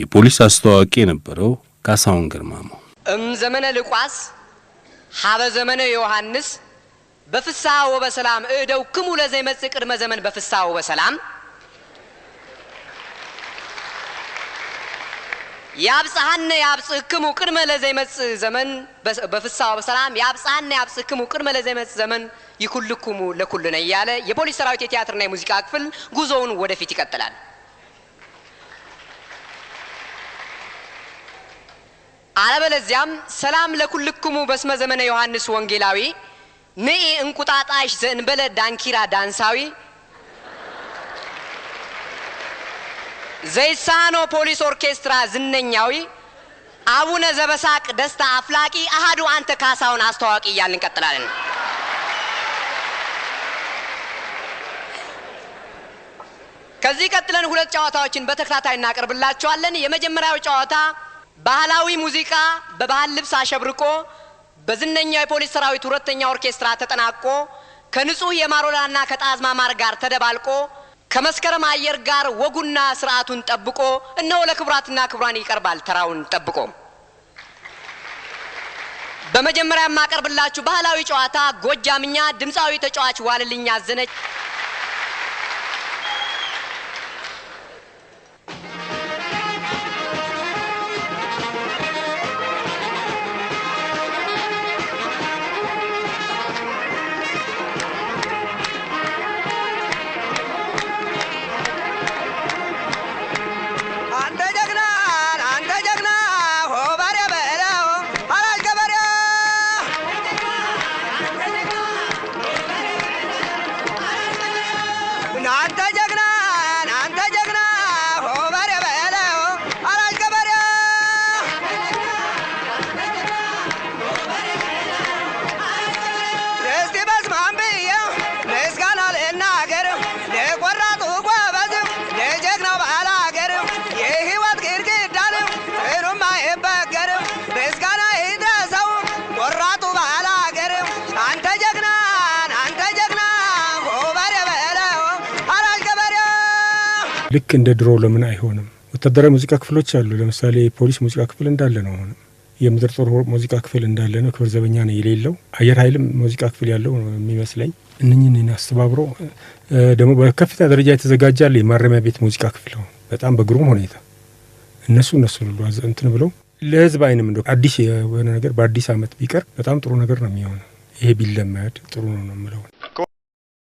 የፖሊስ አስተዋዋቂ የነበረው ካሳሁን ግርማ ነው። እም ዘመነ ልቋስ ሀበ ዘመነ ዮሐንስ በፍስሐ ወበሰላም እደው ክሙ ለዘይመጽእ ቅድመ ዘመን በፍስሐ ወበሰላም ያብጽሐነ ክሙ ቅድመ ለዘይመጽእ ዘመን በፍስሐ ወበሰላም ያብጽሐነ ክሙ ቅድመ ለዘይመጽእ ዘመን ይኩልኩሙ ለኩልነ እያለ የፖሊስ ሰራዊት የቲያትርና የሙዚቃ ክፍል ጉዞውን ወደፊት ይቀጥላል። አበለዚያም ሰላም ለኩልክሙ በስመ ዘመነ ዮሐንስ ወንጌላዊ ንኢ እንቁጣጣሽ ዘእንበለ ዳንኪራ ዳንሳዊ ዘይሳኖ ፖሊስ ኦርኬስትራ ዝነኛዊ አቡነ ዘበሳቅ ደስታ አፍላቂ አሃዱ አንተ ካሳውን አስተዋቂ እያል እንቀጥላለን። ከዚህ ቀጥለን ሁለት ጨዋታዎችን በተከታታይ እናቀርብላችኋለን። የመጀመሪያው ጨዋታ ባህላዊ ሙዚቃ በባህል ልብስ አሸብርቆ በዝነኛው የፖሊስ ሰራዊት ሁለተኛ ኦርኬስትራ ተጠናቆ ከንጹህ የማሮላና ከጣዝማ ማር ጋር ተደባልቆ ከመስከረም አየር ጋር ወጉና ስርዓቱን ጠብቆ እነሆ ለክቡራትና ክቡራን ይቀርባል ተራውን ጠብቆ። በመጀመሪያ የማቀርብላችሁ ባህላዊ ጨዋታ ጎጃምኛ ድምፃዊ ተጫዋች ዋልልኛ አዘነች ልክ እንደ ድሮ ለምን አይሆንም? ወታደራዊ ሙዚቃ ክፍሎች አሉ። ለምሳሌ የፖሊስ ሙዚቃ ክፍል እንዳለ ነው። አሁንም የምድር ጦር ሙዚቃ ክፍል እንዳለ ነው። ክብር ዘበኛ ነው የሌለው። አየር ኃይልም ሙዚቃ ክፍል ያለው ነው የሚመስለኝ። እነኝን አስተባብሮ ደግሞ በከፍተኛ ደረጃ የተዘጋጀ አለ። የማረሚያ ቤት ሙዚቃ ክፍል አሁን በጣም በግሩም ሁኔታ እነሱ እነሱ ሉ እንትን ብለው ለህዝብ አይንም እንደ አዲስ የሆነ ነገር በአዲስ አመት ቢቀር በጣም ጥሩ ነገር ነው የሚሆነው። ይሄ ቢለመድ ጥሩ ነው ነው የምለው።